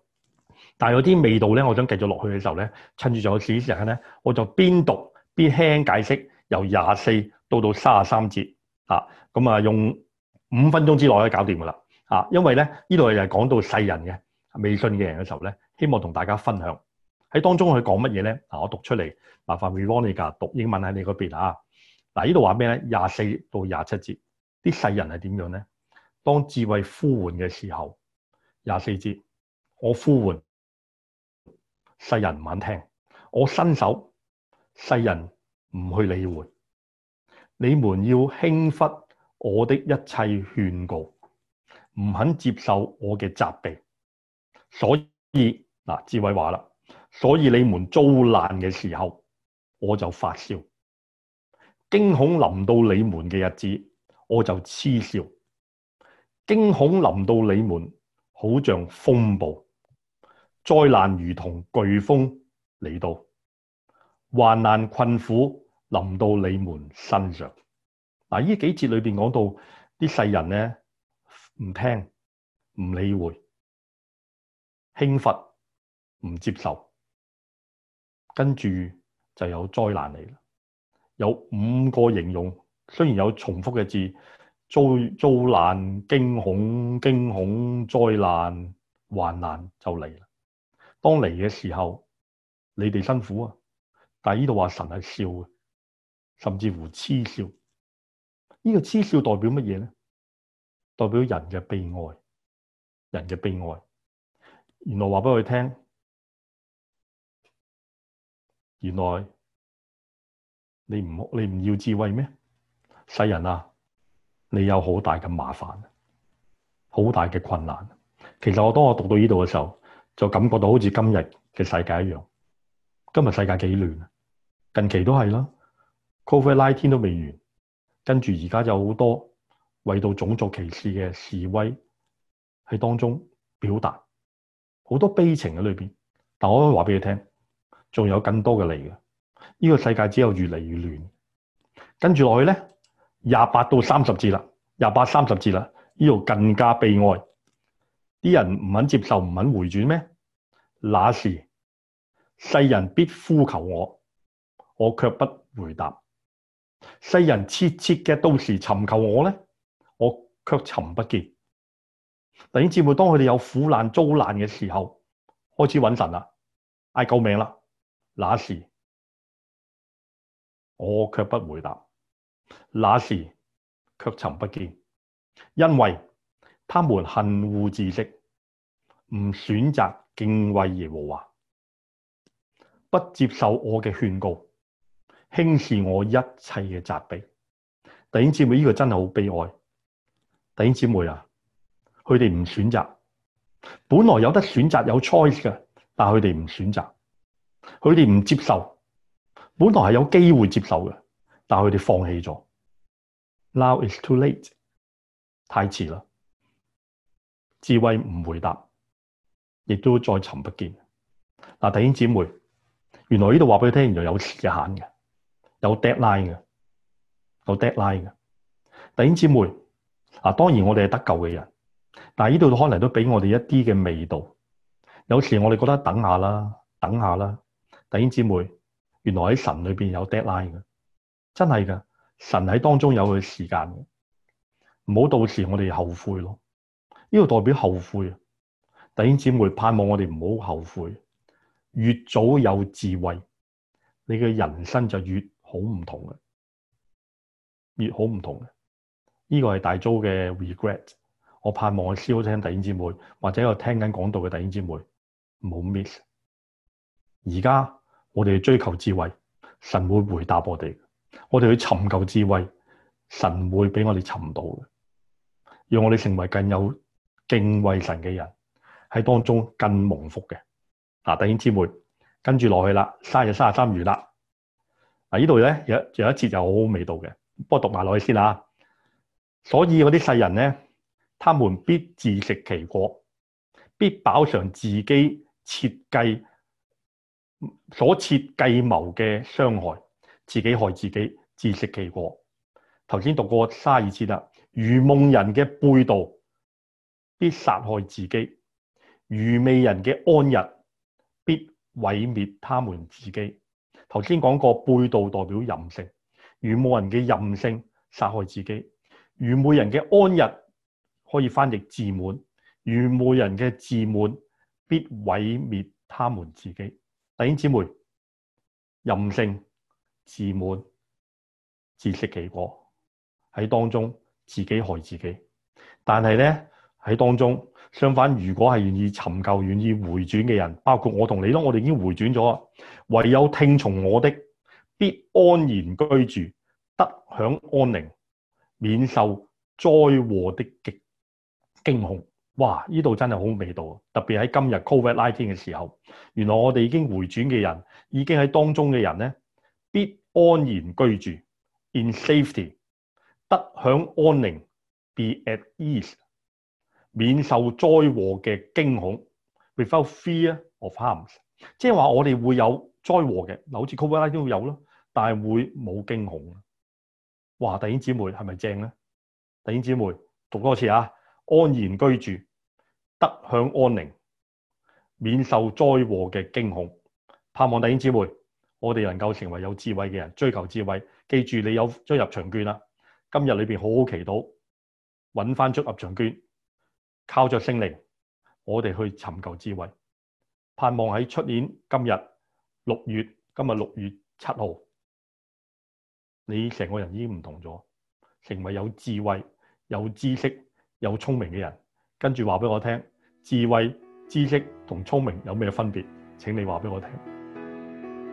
但係有啲味道咧，我想繼續落去嘅時候咧，趁住仲有少少時間咧，我就邊讀邊輕解釋，由廿四到到卅三節啊。咁啊，用五分鐘之內咧搞掂㗎啦啊！因為咧，呢度係講到世人嘅。未信嘅人嘅時候呢，希望同大家分享喺當中佢講乜嘢呢？我讀出嚟，麻煩 Veronica 讀英文喺你嗰邊啊。嗱，依度話咩呢？廿四到廿七節，啲世人係點樣呢？當智慧呼喚嘅時候，廿四節，我呼喚世人唔肯聽，我伸手世人唔去理會，你們要輕忽我的一切勸告，唔肯接受我嘅責備。所以嗱，智慧話啦，所以你們遭難嘅時候，我就發笑；驚恐臨到你們嘅日子，我就痴笑；驚恐臨到你們，好像風暴、災難如同颶風嚟到，患難困苦臨到你們身上。嗱，呢幾節裏邊講到啲世人呢，唔聽，唔理會。輕罰唔接受，跟住就有災難嚟啦。有五個形容，雖然有重複嘅字，遭遭難、驚恐、驚恐、災難、患難就嚟啦。當嚟嘅時候，你哋辛苦啊，但係呢度話神係笑嘅，甚至乎痴笑。呢、這個痴笑代表乜嘢呢？代表人嘅悲哀，人嘅悲哀。原來話俾佢聽，原來你唔你唔要智慧咩？世人啊，你有好大嘅麻煩，好大嘅困難。其實我當我讀到呢度嘅時候，就感覺到好似今日嘅世界一樣。今日世界幾亂，近期都係啦，COVID-19 都未完，跟住而家有好多為到種族歧視嘅示威喺當中表達。好多悲情喺裏面，但我可以話俾你聽，仲有更多嘅你。嘅。呢個世界只有越嚟越亂，跟住落去呢，廿八到三十節啦，廿八三十節啦，呢度更加悲哀。啲人唔肯接受，唔肯回轉咩？那時世人必呼求我，我卻不回答；世人切切嘅都是尋求我呢，我卻尋不見。弟兄姐妹，當佢哋有苦難遭難嘅時候，開始揾神了，嗌救命了，那時我卻不回答，那時卻尋不見，因為他們恨惡知識，唔選擇敬畏耶和華，不接受我嘅勸告，輕視我一切嘅責備。弟兄姐妹，呢個真係好悲哀。弟兄姐妹啊！佢哋唔選擇，本來有得選擇有 choice 㗎。但佢哋唔選擇。佢哋唔接受，本來係有機會接受㗎。但佢哋放棄咗。Now it's too late，太遲啦。智慧唔回答，亦都再尋不見。嗱、啊，弟兄姊妹，原來呢度話俾你聽，原來有時限嘅，有 deadline 㗎。有 deadline 㗎，弟兄姊妹，嗱、啊，當然我哋係得救嘅人。但呢度可能都俾我哋一啲嘅味道。有時我哋覺得等下啦，等下啦。弟兄姊妹，原來喺神裏面有 deadline 嘅，真係㗎。神喺當中有佢時間嘅，唔好到時我哋後悔咯。呢個代表後悔呀，弟兄姊妹，盼望我哋唔好後悔。越早有智慧，你嘅人生就越好唔同嘅，越好唔同嘅。呢個係大周嘅 regret。我盼望去燒聽弟兄姊妹，或者去聽緊講道嘅弟兄姊妹，唔好 miss。而家我哋去追求智慧，神會回答我哋。我哋去尋求智慧，神會俾我哋尋到嘅，讓我哋成為更有敬畏神嘅人喺當中更蒙福嘅。嗱，弟兄姊妹，跟住落去啦，三日三十三月啦。嗱，呢度咧有有一節就好好味道嘅，不過讀埋落去先啦。所以我啲世人咧。他們必自食其果，必飽嘗自己設計所設計謀嘅傷害，自己害自己，自食其果。頭先讀過三次啦。愚昧人嘅背道必殺害自己，愚昧人嘅安逸必毀滅他們自己。頭先講過背道代表任性，愚昧人嘅任性殺害自己，愚昧人嘅安逸。可以翻譯自滿，愚昧人嘅自滿必毀滅他們自己。弟兄姊妹，任性、自滿、自食其果，喺當中自己害自己。但係呢，喺當中，相反，如果係願意尋求、願意回轉嘅人，包括我同你咯，我哋已經回轉咗。唯有聽從我的，必安然居住，得享安寧，免受災禍的極。驚恐，哇！呢度真係好味道啊！特別喺今日 Covid nineteen 嘅時候，原來我哋已經回轉嘅人，已經喺當中嘅人咧，必安然居住，in safety，得享安寧，be at ease，免受災禍嘅驚恐，without fear of harms。即係話我哋會有災禍嘅，好似 Covid nineteen 有咯，但係會冇驚恐。哇！弟兄姊妹係咪正咧？弟兄姊妹讀多次啊！安然居住，得享安寧，免受災禍嘅驚恐。盼望弟兄姊妹，我哋能夠成為有智慧嘅人，追求智慧。記住，你有追入場券啦。今日裏面好好祈禱，搵返出入場券，靠着聖靈，我哋去尋求智慧。盼望喺出年今日六月，今日六月七號，你成個人已經唔同咗，成為有智慧、有知識。有聰明嘅人跟住，話俾我聽，智慧、知識同聰明有咩分別？請你話俾我聽，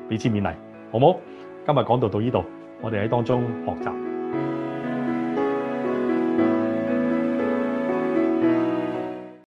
彼此勉勵，好唔好？今日講到到呢度，我哋喺當中學習。